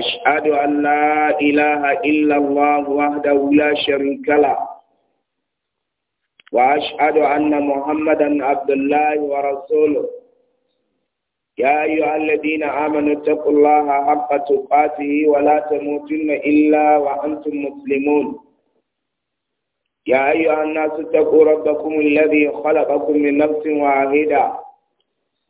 أشهد أن لا إله إلا الله وحده لا شريك له وأشهد أن محمدا عبد الله ورسوله يا أيها الذين آمنوا اتقوا الله حق تقاته ولا تموتن إلا وأنتم مسلمون يا أيها الناس اتقوا ربكم الذي خلقكم من نفس واحده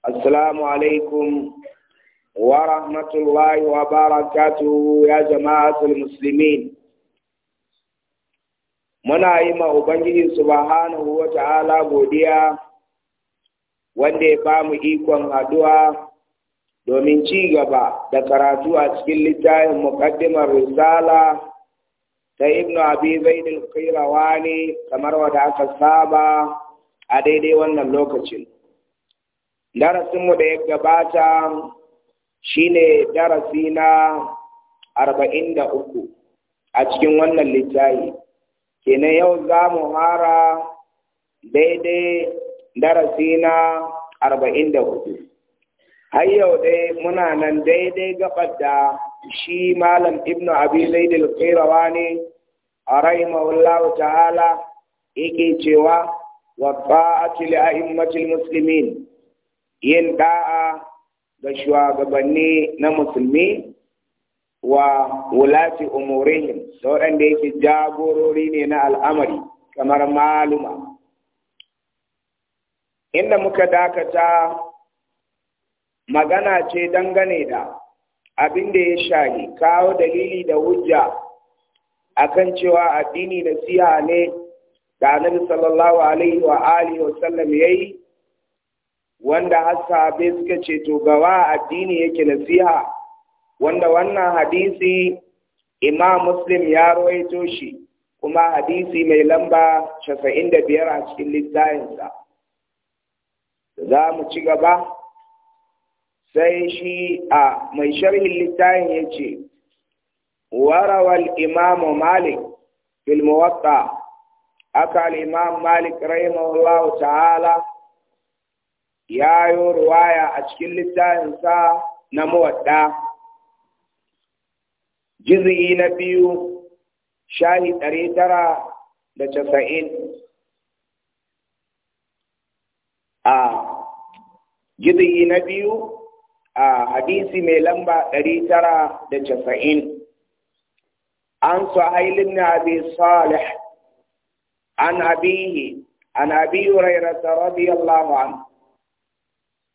Assalamu alaikum wa rahmatullahi wa barakatuhu ya jama'atul muslimin. Muna yi ma Ubangiji subhanahu wa ta'ala godiya wanda ya bamu ikon haduwa domin ci gaba da karatu a cikin littafin muƙaddimar risala ta Ibnu Abi Zaid al qirawani kamar wadda aka saba a daidai wannan lokacin. darasinmu da ya gabata shine darasi na arba'in da uku a cikin wannan littafi kenan yau za mu hara daidai darasi na arba'in da hudu har yau dai muna nan daidai gabar da shi malam ibnu abi zaid al-qayrawa ne rahimahullahu ta'ala yake cewa wa ta'ati li a'immatil muslimin yin da'a ga shugabanni na musulmi wa wulati umurihim da waɗanda yake jagorori ne na al'amari kamar maluma inda muka dakata magana ce dangane da abin da ya shari kawo dalili da hujja akan cewa addini siya ne da annabi sallallahu alaihi wa alihi wa sallam yayi wanda ashabe suka ce to gawa addini yake nasiha wanda wannan hadisi Imam Muslim ya rawaito shi kuma hadisi mai lamba 95 a cikin littafinsa za mu ci gaba sai shi a mai sharhin littafin ya ce warawal imamu malik fil aka al imam malik rahimahullahu ta'ala ya yi ruwaya a cikin littafinsa na muwadda jizi'i na biyu shahi ɗari tara da casa'in a jizi'i na biyu a hadisi mai lamba ɗari tara da casa'in عن سهيل بن أبي صالح عن أبيه عن أبي هريرة رضي الله عنه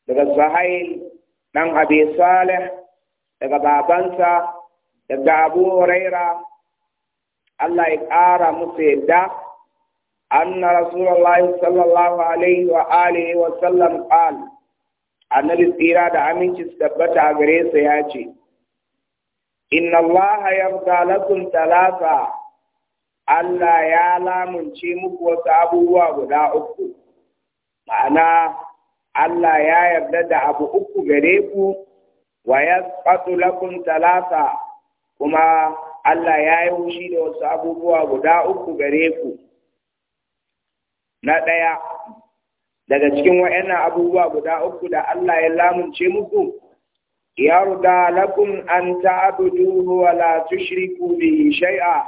daga Suhail dan Abi Salih daga babansa daga Abu Huraira Allah ya ƙara musu yadda anna Rasulullahi sallallahu alaihi wa alihi wa sallam tsira da aminci tabbata a gare sa ya ce inna Allah yarda lakum talata Allah ya lamunce muku wasu abubuwa guda uku ma'ana Allah ya yarda da abu uku gare ku wa yasqatu lakum talata kuma Allah ya yi hushi da wasu abubuwa guda uku gare ku na ɗaya daga cikin waɗannan abubuwa guda uku da Allah ya lamunce muku yarda lakum an duhu wa la tushriku bihi shay'a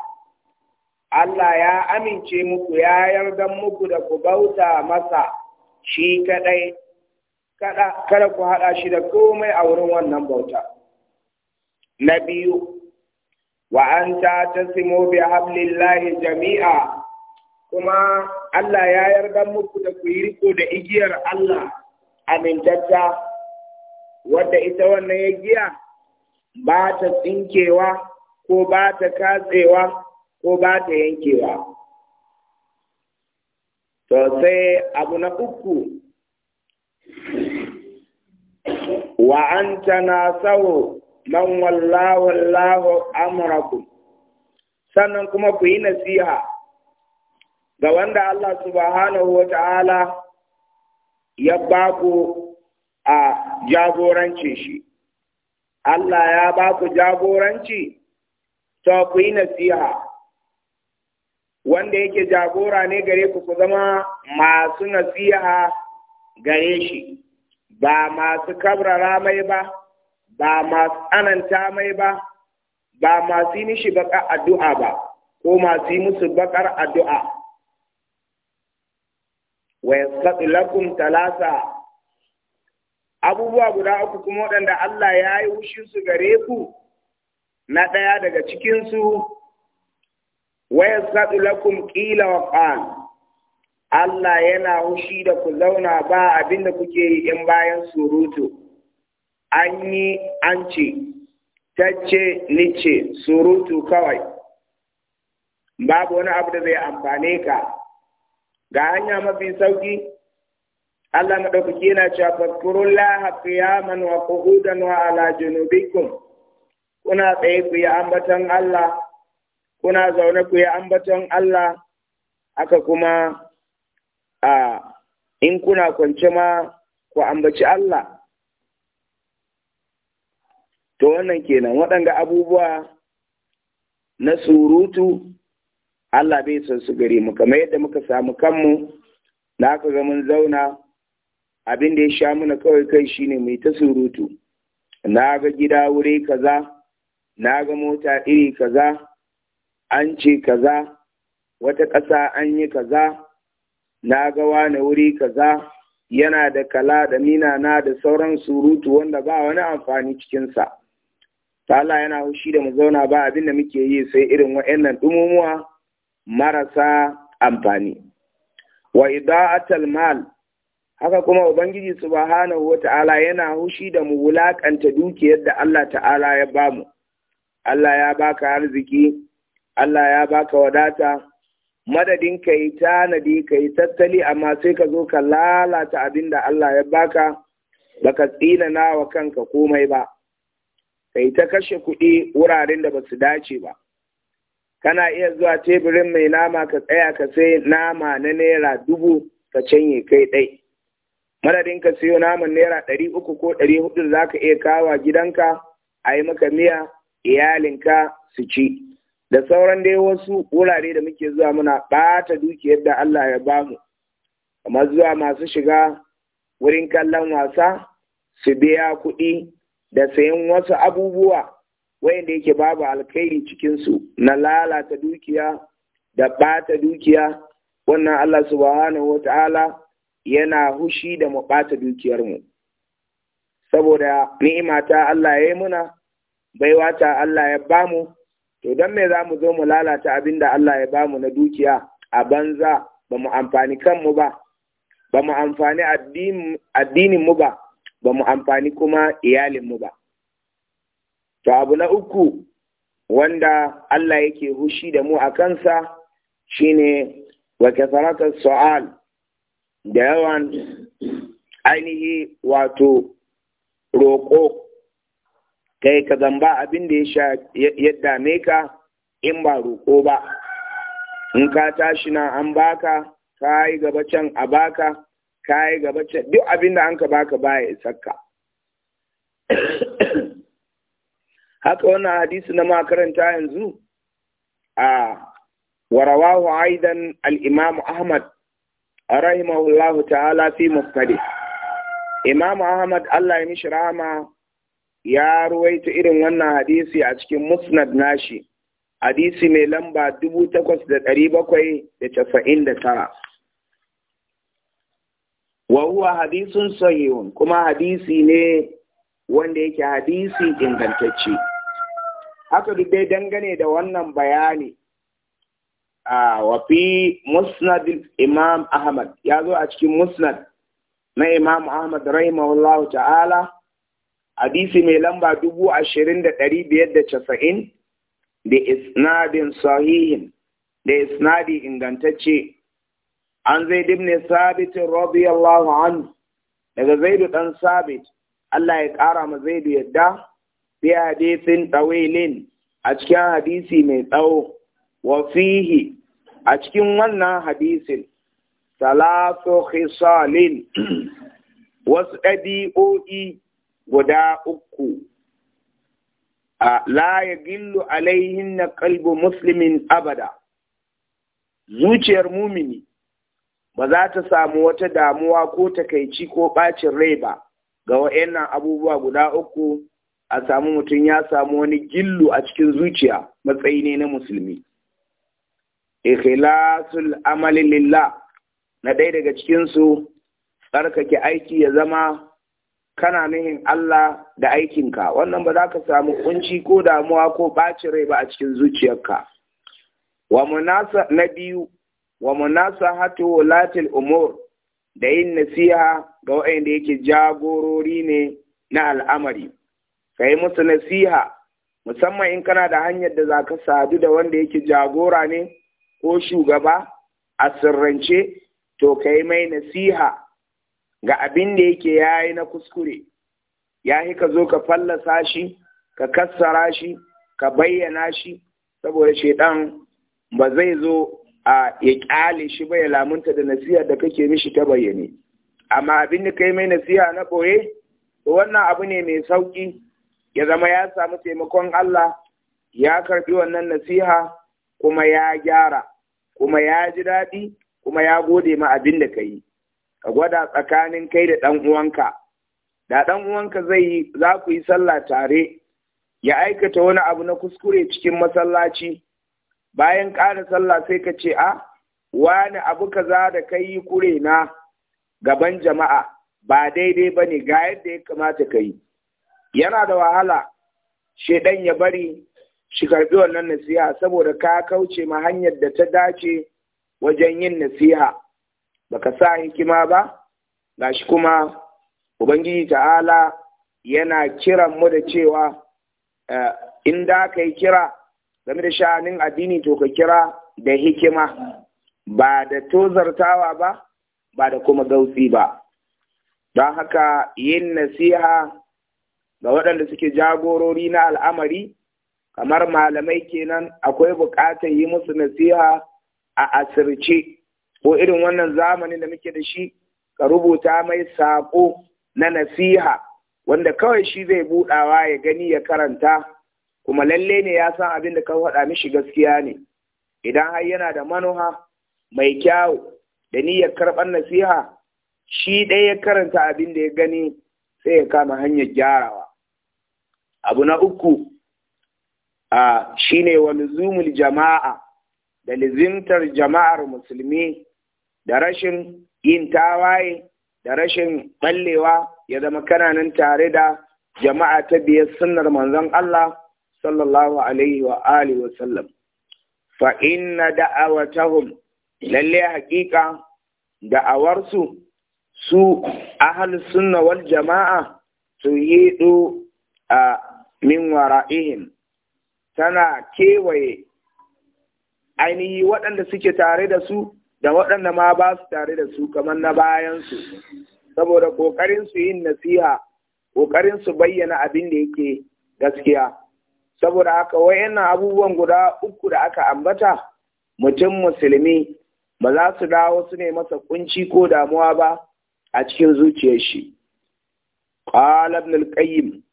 Allah ya amince muku ya yarda muku da ku bauta masa shi kadai kada kada ku haɗa shi da komai a wurin wannan bauta na biyu wa an ta tasimu bi hablillahi jami'a kuma Allah ya yarda muku da ku yi riko da igiyar Allah amintacca wadda ita wannan ya giya ba ta tsinkewa ko ba ta katsewa ko ba ta yankewa to sai abu na uku wa an tanasahu man wallahu wallahu sannan kuma ku yi nasiha ga wanda Allah subhanahu wa ta'ala ya ba ku a jagoranci shi Allah ya ba ku jagoranci to ku yi nasiha wanda yake jagora ne gare ku ku zama masu nasiha gare shi ba masu kabrara mai ba ba masu ananta mai ba ba masu yi mishi baƙar addu'a ba ko masu yi musu bakar addu'a wa yasqatu lakum talasa abubuwa guda uku kuma waɗanda Allah ya yi wushinsu gare ku na ɗaya daga cikinsu wa yasqatu lakum qila wa qala Allah yana hushi da ku zauna ba abin da kuke yi in bayan surutu, an yi an ce, tacce nice surutu kawai, babu wani abu da zai amfane ka, ga hanya mafi sauki, Allah maɗaukaki yana cewa fadkurun laha qiyaman wa qu'udan wa ala junubikum kuna tsaye ku yi ambaton Allah kuna zaune ku yi ambaton Allah haka kuma a in kuna kwance ma ku ambaci Allah to wannan kenan waɗanda abubuwa na surutu Allah bai son su gare mu kamar yadda muka samu kanmu Na aka ga mun zauna abin da ya sha mana kawai kai shine mai ta surutu na ga gida wuri kaza na ga mota iri kaza an ce kaza wata ƙasa an yi kaza na ga wani wuri kaza yana da kala da na da sauran surutu wanda ba wani amfani cikinsa. Fala yana haushi da mu zauna ba abin da muke yi sai irin wa'annan dumumuwa marasa amfani. Wa ida'atul mal haka kuma Ubangiji subhanahu wata'ala ta'ala yana haushi da mu wulakanta dukiyar da Allah ta'ala ya bamu. Allah ya baka arziki, Allah ya baka wadata, madadin ka yi tanadi ka yi tattali amma sai ka zo ka lalata abin da Allah ya baka baka tsina nawa kanka komai ba ka yi ta kashe kuɗi wuraren da ba su dace ba kana iya zuwa teburin mai nama ka tsaya ka sai nama na naira dubu ka canye kai ɗai madadin ka siyo naman naira ɗari uku ko ɗari hudu za ka iya kawa gidanka a yi maka miya iyalinka su ci da sauran dai wasu wurare da muke zuwa muna ɓata dukiyar da Allah ya ba mu kamar zuwa masu shiga wurin kallon wasa su biya kuɗi da sayan wasu abubuwa wayanda yake babu alkhairi cikinsu na lalata dukiya da ɓata dukiya wannan Allah subhanahu wata'ala yana hushi da mu ɓata dukiyarmu saboda ni'imata Allah ya yi muna baiwata Allah ya bamu to don me za mu zo mu lalata abin da Allah ya ba mu na dukiya a banza ba mu amfani kanmu ba ba mu amfani addininmu ba ba mu amfani kuma iyalinmu ba to abu na uku wanda Allah yake hushi da mu a kansa shine wa kasaratar so'al da yawan ainihi wato roƙo kai ka zamba abin da ya dame ka in ba roƙo ba in ka tashi na an baka ka yi gaba can a baka ka yi gaba can duk abin da an ka baka baya isakka haka wannan hadisi na makaranta yanzu a warawahu aidan al’imamu ahmad rahimahullahu ta'ala fi musnadih Imam'u ahmad Allah ya mishi rahama ya ruwaita irin wannan hadisi a cikin musnad nashi hadisi mai lamba dubu takwas da ɗari bakwai da casa'in da tara wa huwa hadisun sahihun kuma hadisi ne wanda yake hadisi ingantacce haka duk dai dangane da wannan bayani a wafi musnad imam ahmad ya zo a cikin musnad na imam ahmad rahimahullahu ta'ala hadisi mai lamba dubu ashirin da ɗari biyar da casa'in da isnadin sahihin da isnadi ingantacce an zai dimne sabitin radiyallahu anhu daga zaidu ɗan sabit Allah ya ƙara ma zaidu yadda bi hadisin ɗawilin a cikin hadisi mai tsawo wa a cikin wannan hadisin salatu khisalin wasu ɗabi'o'i guda uku a la ya alaihin na kalbo musulmin abada zuciyar mumini ba za ta samu wata damuwa ko takaici ko ɓacin rai ba ga wa'annan abubuwa guda uku a samu mutum ya samu wani gillu a cikin zuciya matsayi ne na musulmi ikhlasul amali lillah na ɗaya daga cikinsu tsarkake aiki ya zama kana nihin Allah da aikinka wannan ba za ka samu kunci ko damuwa ko ɓaci rai ba a cikin zuciyarka wa munasa na biyu wa munasa hatu latil umur da yin nasiha ga waɗanda yake jagorori ne na al'amari ka yi musu nasiha musamman in kana da hanyar da za ka sadu da wanda yake jagora ne ko shugaba a sirrance to ka yi mai nasiha ga abin da yake yi na kuskure ya yi ka zo ka fallasa shi ka kassara shi ka bayyana shi saboda shaidan ba zai zo a ya kyale shi ba ya lamunta da nasiha da kake mishi ta bayyane amma abin da yi mai nasiha na ɓoye, to wannan abu ne mai sauƙi. ya zama ya samu taimakon Allah ya karbi wannan nasiha kuma ya gyara kuma ya ji daɗi kuma ya gode ma abin da ka yi ka gwada tsakanin kai da ɗan uwanka da ɗan uwanka zai yi za ku yi sallah tare ya aikata wani abu na kuskure cikin masallaci bayan ƙara sallah sai ka ce a ah, wani abu ka za da kai yi kure na gaban jama'a ba daidai ba ne ga yadda ya kamata ka yi yana da wahala shaidan ya bari shi karɓi wannan nasiha saboda ka kauce ma hanyar da ta dace wajen yin nasiha baka sa hikima ba gashi kuma ubangiji ta'ala yana kiran mu da cewa eh, in da ka yi kira game da sha'anin addini to ka kira da hikima ba da tozartawa ba ba da kuma gautsi ba don haka yin nasiha ga waɗanda suke jagorori na al'amari kamar malamai kenan akwai buƙatar yi musu nasiha a asirce ko irin wannan zamanin da muke da shi ka rubuta mai saƙo na nasiha wanda kawai shi zai buɗawa ya gani ya karanta kuma lalle ne ya san abin da ka faɗa mishi gaskiya ne idan har yana da manuha mai kyau, da niyyar karɓar nasiha shi ɗaya ya karanta abin da ya gani sai ya kama hanyar gyarawa abu na uku a shine wa jama'a da lizimtar jama'ar musulmi da rashin yin tawaye da rashin ɓallewa ya zama kananan tare da jama'a ta biyar sunnar manzon Allah sallallahu alaihi wa alihi wa sallam fa inna da'awatahum lalle haƙiƙa da'awarsu su ahlus sunna wal jama'a su tuhidu a min wara'ihim tana kewaye ainihi waɗanda suke tare da su da waɗanda ma ba su tare da su kamar na bayansu saboda ƙoƙarin su yin nasiha ƙoƙarin su bayyana abin da yake gaskiya saboda haka wayannan abubuwan guda uku da aka ambata mutum musulmi ba za su dawo su ne masa kunci ko damuwa ba a cikin zuciyar shi qala ibn al-qayyim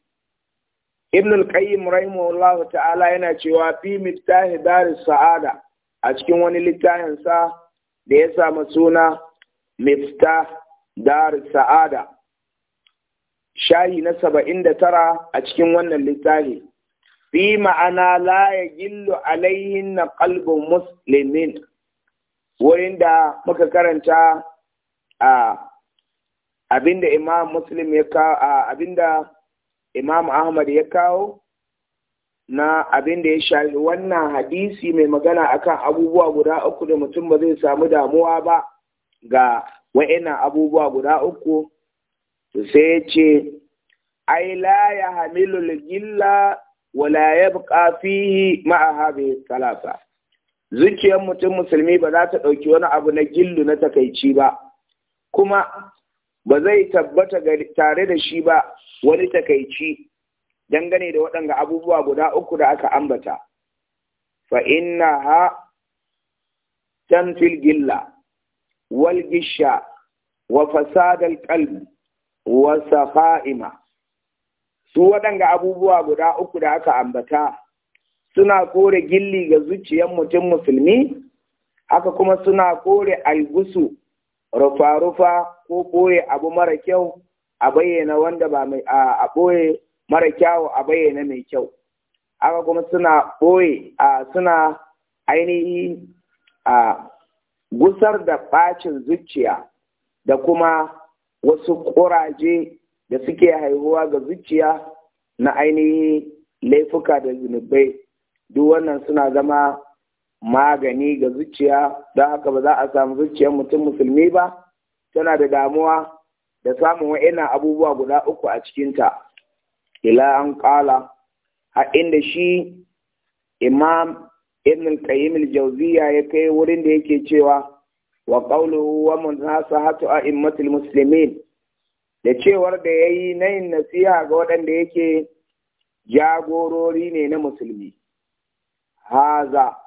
ibn al-qayyim rahimahullahu ta'ala yana cewa fi miftah sa'ada a cikin wani littafin sa da ya samu suna Mista dar sa'ada shahi na saba'in da tara a cikin wannan littafi fi ma'ana la ya gillu alaihin na kalbin musulmin wurin da muka karanta a abinda imam abinda imam ahmad ya kawo na abin da ya shafi wannan hadisi mai magana akan abubuwa guda uku da mutum ba zai samu damuwa ba ga wa'ina abubuwa guda uku sai ce ai la ya hamilu gilla wa la yabqa fihi ma'a zuciyar mutum musulmi ba za ta ɗauki wani abu na gillu na takaici ba kuma ba zai tabbata tare da shi ba wani takaici dangane da waɗanga abubuwa guda uku da aka ambata fa inna ha tanfil gilla wal gisha wa fasadal qalbi wa safa'ima su waɗanga abubuwa guda uku da aka ambata suna kore gilli ga zuciyar mutum musulmi haka kuma suna kore algusu rufa-rufa ko ɓoye abu mara kyau a bayyana wanda ba mai a ɓoye mara kyawu a bayyana mai kyau aka kuma suna ɓoye a suna ainihi a gusar da ɓacin zuciya da kuma wasu ƙuraje da suke haihuwa ga zuciya na ainihi laifuka da zunubai duk wannan suna zama magani ga zuciya don haka ba za a samu zuciyar mutum musulmi ba tana da damuwa da samun wa'ina abubuwa guda uku a cikinta ila an ƙala a inda shi imam ibn al-qayyim al-jawziya ya kai wurin da yake cewa wa qawluhu wa munasahatu al muslimin da cewar da yayi na nasiha ga waɗanda yake jagorori ne na musulmi haza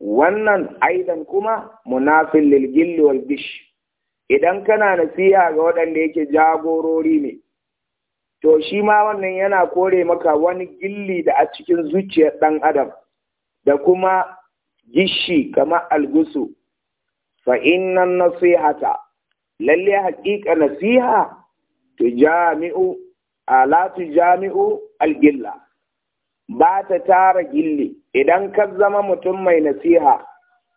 wannan aidan kuma munafin lil wal bish idan kana nasiha ga waɗanda yake jagorori ne to shi ma wannan yana kore maka wani gilli da a cikin zuciyar ɗan adam da kuma gishi kamar algusu fa innan nasihata lalle haƙiƙa nasiha tujami'u ala jami'u algilla ba ta tara gilli idan ka zama mutum mai nasiha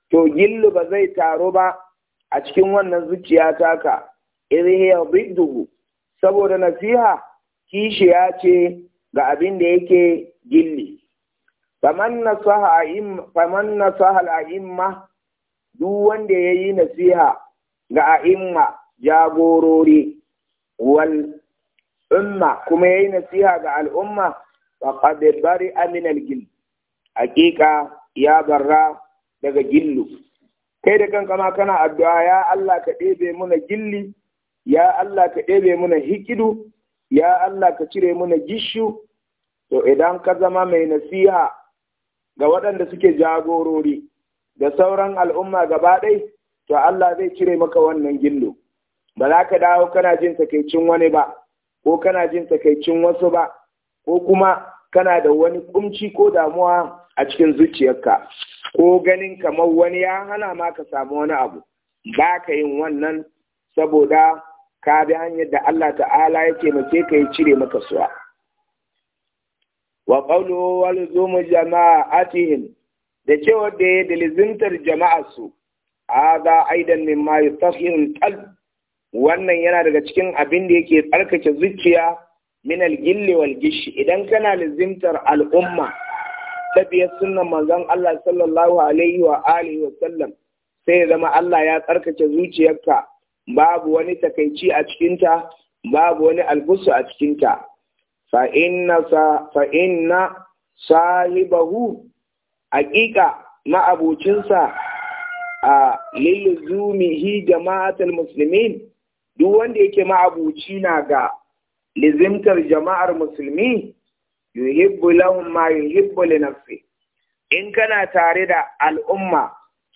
to gilli ba zai taru ba a cikin wannan zuciya taka idh hiya saboda nasiha kishiya ce ga abin da yake gilli faman a imma duk wanda ya yi nasiha ga a'imma jagorori wal umma kuma ya yi nasiha ga al'umma ba bari aminal gil hakika ya barra daga gillu kai da kanka ma kana addu'a ya Allah ka ɗebe muna gilli ya Allah ka ɗebe muna hikidu ya Allah ka cire mana gishu to idan ka zama mai nasiha ga waɗanda suke jagorori da sauran al'umma gaba ɗai to Allah zai cire maka wannan gindo. ba za ka dawo kana jin takaicin wani ba ko kana jin takaicin wasu ba ko kuma kana da wani kumci ko damuwa a cikin zuciyarka ko ganin kamar wani ya hana ma ka samu wani abu ba ka yin wannan saboda ka bi hanyar da Allah ta'ala ya taimake ka yi cire maka suwa wa jama'a a jama'atihim da cewa da ya lizimtar jama'arsu hadha aidan yi tafiyin al wannan yana daga cikin abin da yake tsarkake zuciya min al wal gishi idan kana lizimtar al'umma ta biyar sunan manzon Allah sallallahu alaihi wa alihi wa sallam sai ya zama Allah ya tsarkake zuciyarka babu wani takaici a cikinta babu wani albusu a cikinta fa inna sahibahu haƙiƙa ma'abocinsa a lilizumihi jama'atul muslimin duk wanda yake ma'abuci na ga lizimtar jama'ar musulmi yuhibbu lahum ma yuhibbu li nafsi in kana tare da al'umma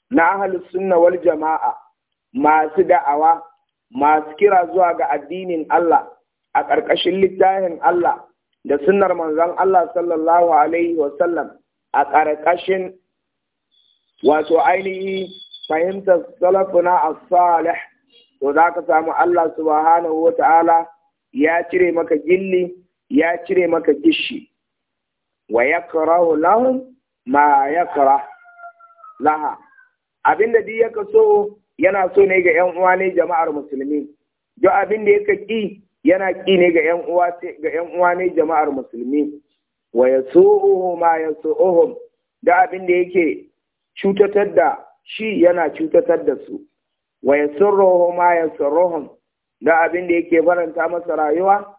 na ahlus sunna wal jama'a masu da'awa masu kira zuwa ga addinin Allah a ƙarƙashin littafin Allah da sunnar manzon Allah sallallahu alaihi wasallam a ƙarƙashin wato ainihi fahimtar salafuna as-salih to za ka samu Allah subhanahu wa ta'ala ya cire maka gilli ya cire maka gishi wa yakrahu lahum ma yakrah laha abinda duk ya kaso yana so ne ga yan uwa ne jama'ar musulmi duk abin da yake ki yana ki ne ga yan uwa ga yan uwa ne jama'ar musulmi wa yasu'uhu ma yasu'uhum da abin da yake cutatar da shi yana cutatar da su wa yasurruhu ma yasurruhum da abin da yake faranta masa rayuwa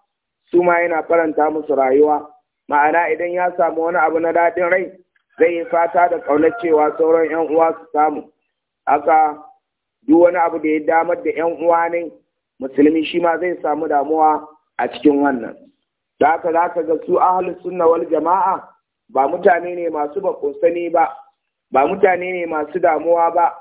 su ma yana faranta musu rayuwa ma'ana idan ya samu wani abu na daɗin rai zai yi fata da ƙaunar cewa sauran 'yan uwa su samu haka duk wani abu da ya damar da ‘yan uwa ne musulmi shi ma zai samu damuwa a cikin wannan. Da haka za ka ga su ahalus sunna wal jama'a ba mutane ne masu bakosani ba, ba mutane ne masu damuwa ba,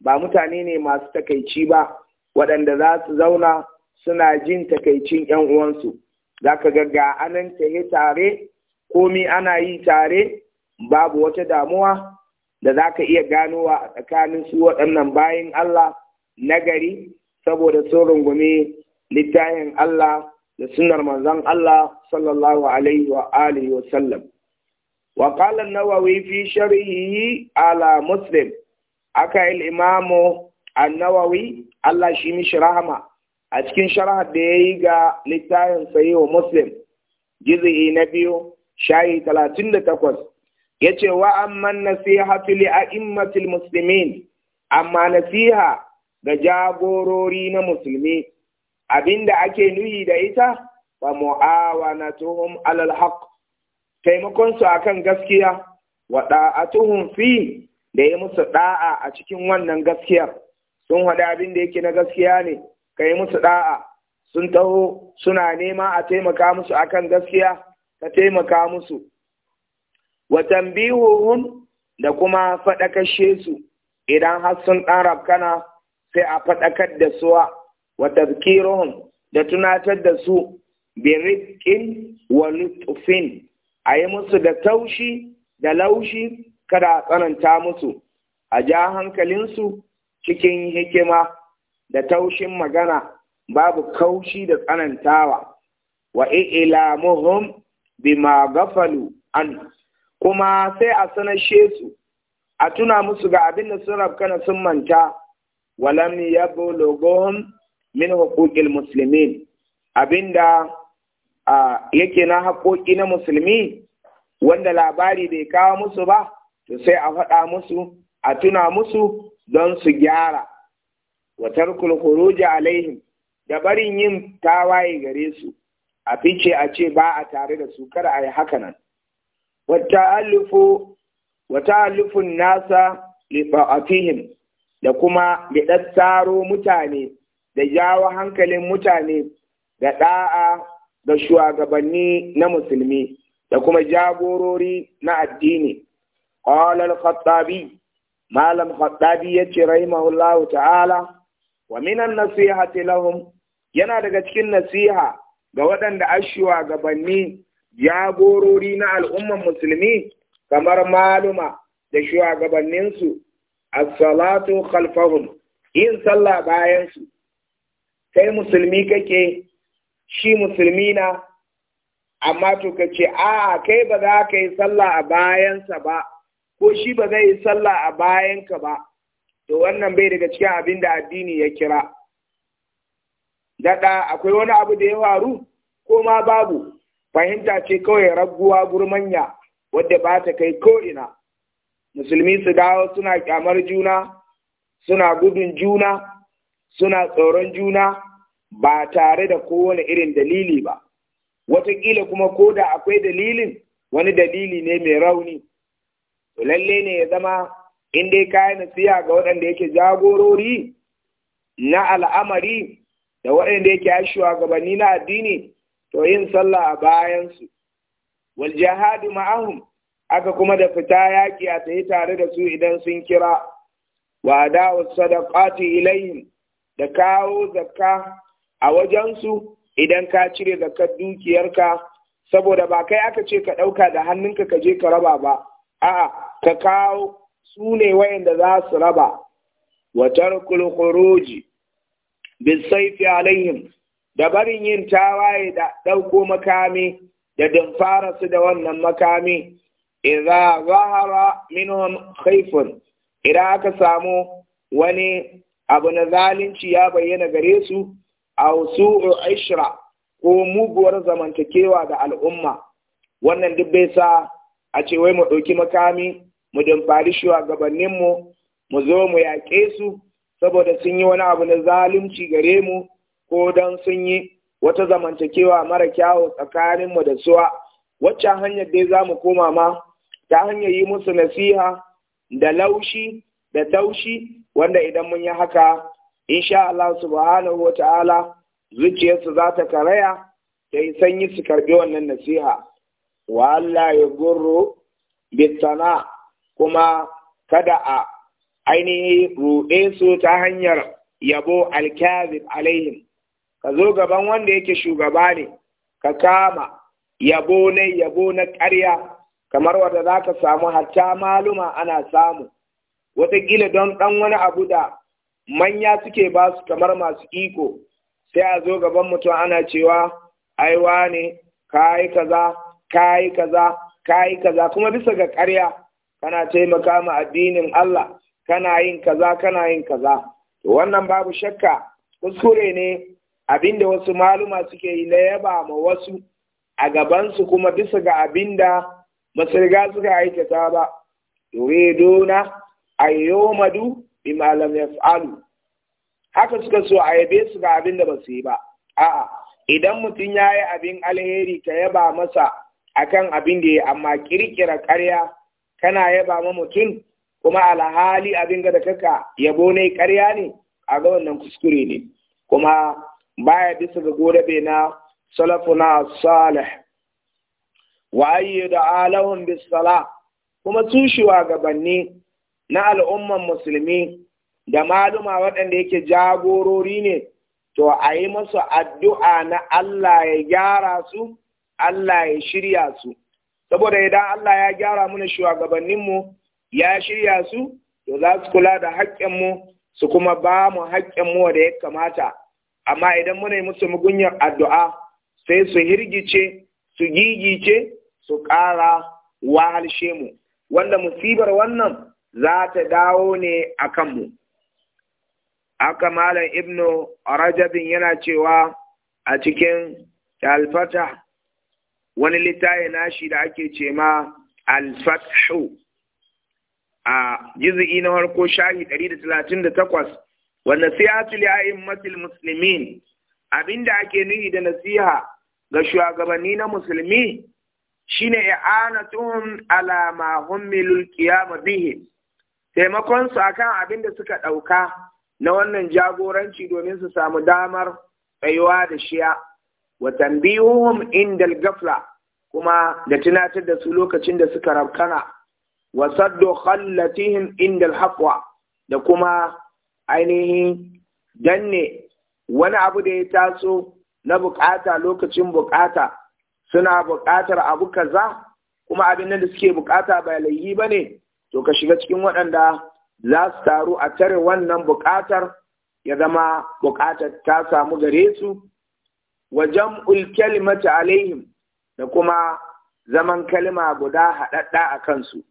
ba mutane ne masu takaici ba, waɗanda za su zauna suna jin takaicin ‘yan uwansu. Za ka ga ga anan yi tare, komi ana yi tare, babu wata damuwa, da za ka iya ganowa a tsakanin su waɗannan bayan Allah nagari saboda sun rungume littafin Allah da sunar manzon Allah sallallahu alaihi wa alihi wa sallam. Wa qala nawawi fi shari'i ala Muslim aka yi imam an-Nawawi Allah shi mishi rahama a cikin sharhar da ya yi ga littafin wa Muslim gizi na biyu shayi talatin da takwas. Ya ce wa amman nasihatu a a'immatil Musulmin, amma nasiha ga jagorori na musulmi abinda ake nuyi da ita ba na tuhum alal haq taimakon su akan gaskiya wa da'atuhum fi da yi musu da'a a cikin wannan gaskiyar sun hada abin da yake na gaskiya ne ka yi musu da'a sun taho suna nema a taimaka musu akan gaskiya ka taimaka musu wa tambihuhun da kuma faɗakashe su idan har sun ɗan rafkana sai a faɗakar da suwa wa tazkiruhum da tunatar da su birikin walutufin, a yi musu da taushi da laushi kada a tsananta musu a ja hankalinsu cikin hikima da taushin magana babu kaushi da tsanantawa wa bi ma gafalu an kuma sai a sanashe su a tuna musu ga abin da sun rafkana sun manta walam yablughum min huquqil muslimin abinda yake na haƙoƙi na musulmi wanda labari bai kawo musu ba to sai a faɗa musu a tuna musu don su gyara wa tarkul khuruji alaihim da barin yin tawaye gare su a fice a ce ba a tare da su kada a yi haka wata nasa lifa'afihim da kuma biɗar taro mutane da jawo hankalin mutane da ɗa'a da shugabanni na musulmi da kuma jagorori na addini. Ƙwalar Khattabi, Malam Khattabi ya ce rahimahullahu ta'ala, wa minan nasiha lahum yana daga cikin nasiha ga waɗanda ashuwa gabanni jagorori na al'umman musulmi kamar maluma da shugabanninsu Asalatu salatu khalfahum yin sallah bayansu kai musulmi kake shi musulmi na amma to ka ce a kai ba za ka yi sallah a bayansa ba ko shi ba zai yi sallah a bayanka ba to wannan bai daga cikin abin da addini ya kira daɗa akwai wani abu da ya faru ko ma babu fahimta ce kawai raguwa gurmanya wadda ba ta kai ko'ina musulmi su dawo suna kyamar juna suna gudun juna suna tsoron juna ba tare da kowane irin dalili ba wataƙila kuma ko da akwai dalilin wani dalili ne mai rauni lalle ne ya zama in dai kayan nasiya ga waɗanda yake jagorori na al'amari da waɗanda yake shugabanni na addini to yin sallah a bayansu wal jihadu ma'ahum aka kuma da fita yaƙi a tayi tare da su idan sun kira wa da'u sadaqati ilaihim da kawo zakka a wajensu idan ka cire zakkar dukiyarka saboda ba kai aka ce ka ɗauka da hannunka ka je ka raba ba a'a ka kawo su ne wayanda za su raba wa tarkul khuruji bisayfi alaihim da barin yin tawaye da ɗauko makami da dimfara su da wannan makami idza zahara minhum haifun, idan aka samu wani abu na zalunci ya bayyana gare su a su'u ishra ko muguwar zamantakewa da al'umma wannan duk bai sa a ce wai mu ɗauki makami mu damfari shugabanninmu mu zo mu yaƙe su saboda sun yi wani abu na zalunci gare mu ko don sun yi wata zamantakewa mara kyawu tsakaninmu da suwa wacce hanyar dai za mu koma ma ta hanyar yi musu nasiha da laushi da taushi wanda idan mun yi haka insha Allah subhanahu wa ta'ala zuciyarsu za ta karaya ta yi sanyi su karbi wannan nasiha wa Allah ya gurru bitana kuma kada a ainihi ruɗe su ta hanyar yabo alkazib alaihim ka zo gaban wanda yake shugaba ne ka kama yabo na yabo na ƙarya kamar wanda za ka samu hatta maluma ana samu wataƙila don ɗan wani abu da manya suke ba su kamar masu iko sai a zo gaban mutum ana cewa aiwa ne kayi kaza kayi kaza kayi kaza kuma bisa ga ƙarya kana taimaka ma addinin Allah kana yin kaza kana yin kaza to wannan babu shakka kuskure ne abinda wasu maluma suke yi na yaba ma wasu a gabansu kuma bisa ga abinda masirga suka aikata ba yuriduna ayyomadu malam lam yaf'alu haka suka so a yabe su ga abinda ba su yi ba a'a idan mutum ya yi abin alheri ka yaba masa akan abin da ya amma kirkira karya kana yaba ma mutum kuma alhali abin da kaka yabo ne karya ne a ga wannan kuskure ne kuma baya bisa ga gurabe na salafuna salih wa ayyada alahum bis sala kuma su shugabanni na al'umman musulmi da maluma waɗanda yake jagorori ne to a yi masu addu'a na Allah ya gyara su Allah ya shirya su saboda idan Allah ya gyara mana shugabanninmu ya shirya su to za su kula da haƙƙinmu su kuma ba mu haƙƙinmu da ya kamata amma idan muna yi musu mugunyar addu'a sai su hirgice su gigice su ƙara wahalshe mu wanda musibar wannan za ta dawo ne a kanmu haka malam ibnu rajabin yana cewa a cikin alfata wani littafi nashi da ake ce ma alfatshu a jizi'i na harko shahi 138 wa nasihatu li a'immatil muslimin abinda ake nuhi da nasiha ga shugabanni na musulmi shine i'anatuhum ala ma humilul qiyam bihi taimakon su akan abinda suka dauka na wannan jagoranci domin su samu damar tsayuwa da shiya wa tanbihum indal gafla kuma da tunatar da su lokacin da suka rabkana wa saddu khallatihim indal haqwa da kuma ainihin danne wani abu da ya taso na bukata lokacin bukata suna bukatar abu kaza kuma abin da suke bukata ba layi ba ne to ka shiga cikin waɗanda za su taru a tare wannan bukatar ya zama bukatar ta samu gare su wajen ulkalimata alaihim da kuma zaman kalima guda haɗaɗɗa a kansu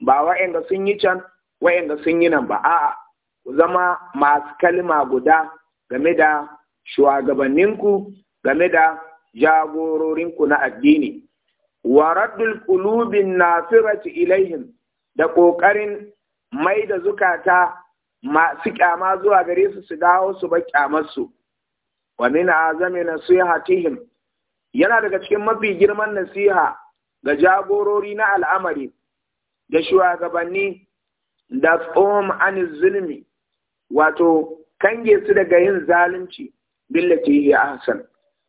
ba wa'yanda sun yi can wa'yanda sun yi nan ba a'a ku zama masu kalma guda game da shugabanninku game da jagororinku na addini wa raddul na nasirati ilaihim da ƙoƙarin mai da zukata masu ƙyama zuwa gare su su dawo su ba ƙyamarsu, wa min azami tihim yana daga cikin mafi girman nasiha ga jagorori na al'amari da shugabanni da tsohon anin zulmi wato kange su daga yin zalunci yi a ahsan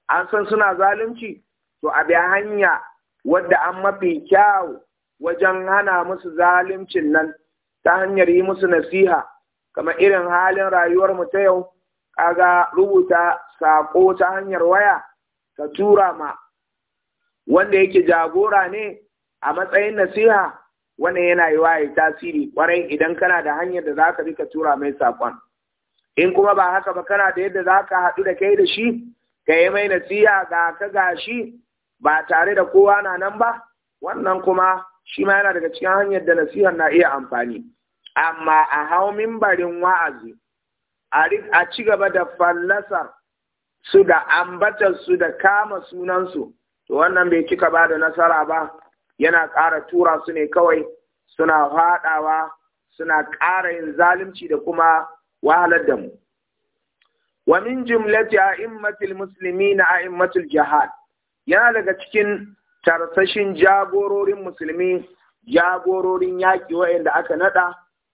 an san suna zalunci to a bi hanya wadda an mafi kyau wajen hana musu zaluncin nan ta hanyar yi musu nasiha kama irin halin rayuwar mu ta yau kaga rubuta saƙo ta hanyar waya ka tura ma wanda yake jagora ne a matsayin nasiha wannan yana yi waye tasiri kwarai idan kana da hanyar da za ka rika tura mai saƙon in kuma ba haka ba kana da yadda za ka haɗu da kai da shi ka yi mai nasiya ga ka ga shi ba tare da kowa na nan ba wannan kuma shi ma yana daga cikin hanyar da nasihar na iya amfani amma a hau mimbarin wa'azi a ci gaba da fallasar su da ambatar su da kama sunansu to wannan bai cika ba da nasara ba yana ƙara tura su ne kawai suna haɗawa suna ƙara yin zalunci da kuma wahalar da mu wa min jumlati na na a'immatul jihad yana daga cikin tarsashin jagororin musulmi jagororin yaƙi wa'inda aka naɗa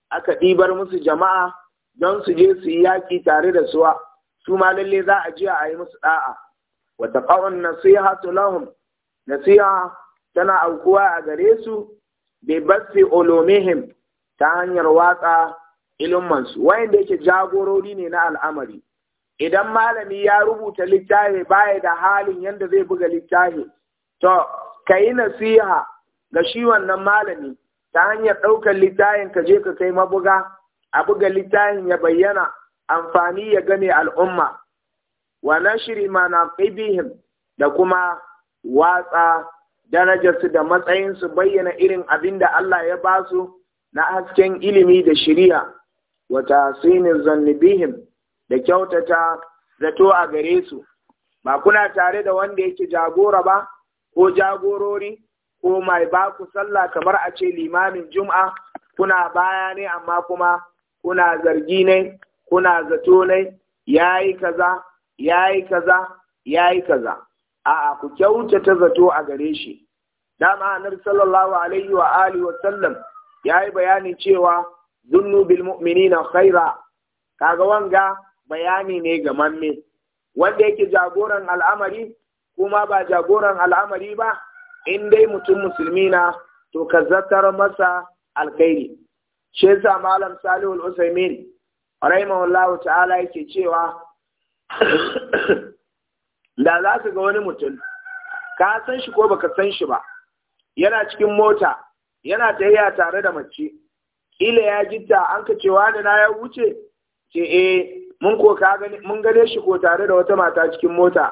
aka ɗibar musu jama'a don su je su yi yaƙi tare da suwa su ma lalle za a je a yi musu ɗa'a wa taqawun nasihatu lahum nasiha tana aukuwa a gare su bi basfi ulumihim ta hanyar watsa ilmansu da yake jagorori ne na al'amari idan malami ya rubuta littafi baya da halin yanda zai buga littafi to kayi nasiha ga shi wannan malami ta hanyar ɗaukar littafin ka je ka kai mabuga a buga littafin ya bayyana amfani ya gane al'umma wa nashri manaqibihim da kuma watsa darajarsu da matsayinsu bayyana irin abin da Allah ya ba su na hasken ilimi da shiriya wata tasinin zannibihim da kyautata zato a gare su ba kuna tare da wanda yake jagora ba ko jagorori ko mai ba ku sallah kamar a ce limamin juma'a kuna baya ne amma kuma kuna zargi ne kuna zato ne yayi kaza yayi kaza yayi kaza a'a ku kyauta ta zato a gare shi dama ma'anar sallallahu alaihi wa alihi wa sallam yayi bayani cewa zunnu bil mu'minina khaira kaga wanga bayani ne ga mamme wanda yake jagoran al'amari kuma ba jagoran al'amari ba in dai mutum musulmi na to ka zakar masa alkhairi shi yasa malam Salihu al-Usaimin rahimahullahu ta'ala yake cewa da za su ga wani mutum ka san shi ko baka san shi ba yana cikin mota yana tafiya tare da mace kila ya gitta an ka cewa da na ya wuce ce eh mun ko ka gani mun gane shi ko tare da wata mata cikin mota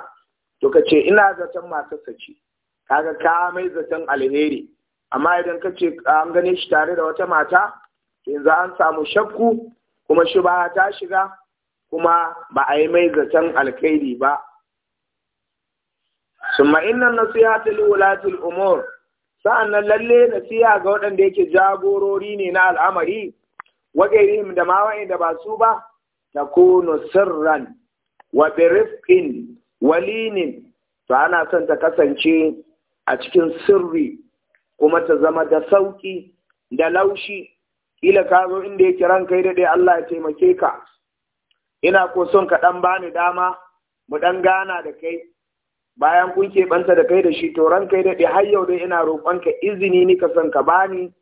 to ka ce ina zaton matarsa ce kaga ka mai zaton alheri amma idan ka ce an gane shi tare da wata mata yanzu an samu shakku kuma shi ba ta shiga kuma ba a yi mai zaton alkhairi ba summa innan nasihata li wulatul umur sa'annan lalle nasiha ga waɗanda yake jagorori ne na al'amari wa gairihim da ma da ba su ba takunu sirran wa birifqin walinin to ana son ta kasance a cikin sirri kuma ta zama da sauki da laushi Ƙila ka zo inda yake ranka yi daɗe Allah ya taimake ka ina ko son ka ɗan bani dama mu ɗan gana da kai bayan kun keɓanta da kai da shi to ran kai daɗe har yau dai ina roƙonka izini ni ka san ka bani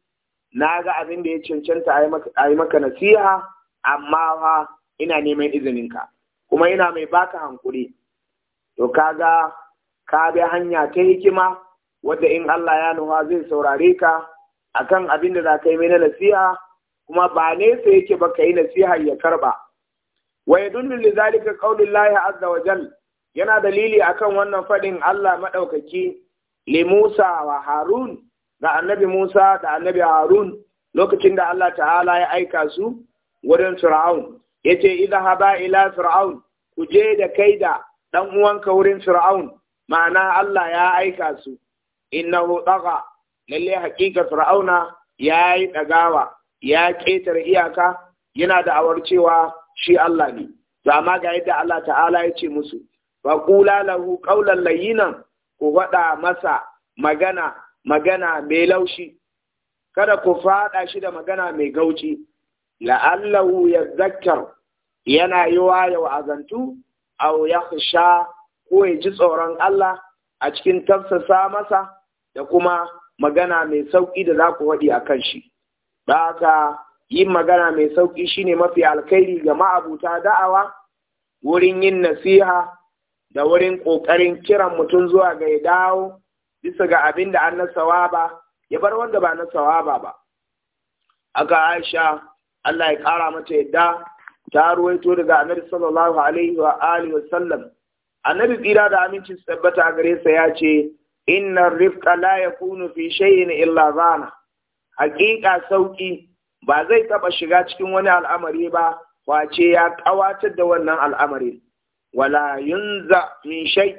na ga abin da ya cancanta a yi maka nasiha amma fa ina neman izinin ka kuma ina mai baka hankuri to kaga ka bi hanya ta hikima wadda in Allah ya nuha zai saurare ka akan abin da za ka yi mai na nasiha kuma ba nesa yake ba ka yi nasiha ya karba wa yadullu li zalika qaulullahi azza wa jalla yana dalili akan wannan faɗin Allah maɗaukaki li Musa wa Harun da annabi Musa da annabi Harun lokacin da Allah ta'ala ya aika su wurin Fir'aun yace idha haba ila Fir'aun ku je da kai da dan uwanka wurin Fir'aun ma'ana Allah ya aika su innahu daga lalle hakika Fir'auna ya yi ɗagawa ya ƙetare iyaka yana da awar cewa shi Allah ne to amma ga yadda Allah ta'ala ya ce musu wa lahu qawlan layinan ku faɗa masa magana magana mai laushi kada ku faɗa shi da magana mai gauci la'allahu ya zakar yana yiwa ya wa'azantu ya sha ko ya ji tsoron Allah a cikin tafsasa masa da kuma magana mai sauƙi da za ku waɗi a kan shi. Ba yin magana mai sauƙi shine mafi alkhairi ga ma'abuta da'awa wurin yin nasiha da wurin ƙoƙarin kiran mutum zuwa ga ya dawo bisa ga abin da an na sawaba ya bar wanda ba na sawaba ba aka aisha Allah ya ƙara mata yadda ta ruwaito daga annabi sallallahu alaihi wa alihi wa sallam annabi tsira da aminci su tabbata a gare sa ya ce inna rifqa la yakunu fi shay'in illa zana haƙiƙa sauƙi ba zai taɓa shiga cikin wani al'amari ba kwace ya ƙawatar da wannan al'amarin? wala yunza min shay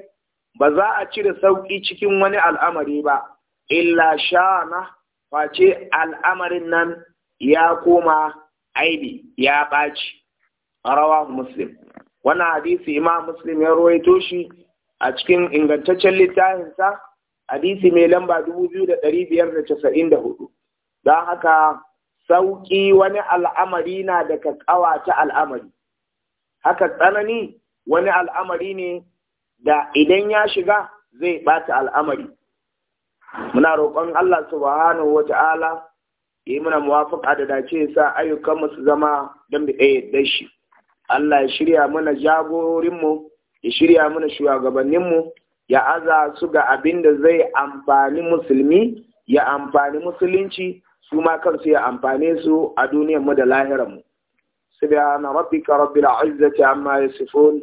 ba za a cire sauki cikin wani al'amari ba illa shana face al'amarin nan ya koma aibi ya ɓaci rawahu muslim wannan hadisi imam muslim ya rawaito shi a cikin ingantaccen littafinsa hadisi mai lamba hudu. don haka Sauki wani al'amari na daga kawata al'amari haka tsanani wani al'amari ne da idan ya shiga zai ɓata al'amari. Muna roƙon Allah subhanahu wa ta'ala yi muna muwafaƙa da dace sa ayyukanmu su zama don ɗaya da shi. Allah ya shirya mana jagorinmu, ya shirya mana shugabanninmu, ya aza su ga abin da zai amfani musulmi, ya amfani musulunci, su ma kansu ya amfane su a duniyarmu da lahiranmu. Subhana rabbika rabbil izzati amma yasifun.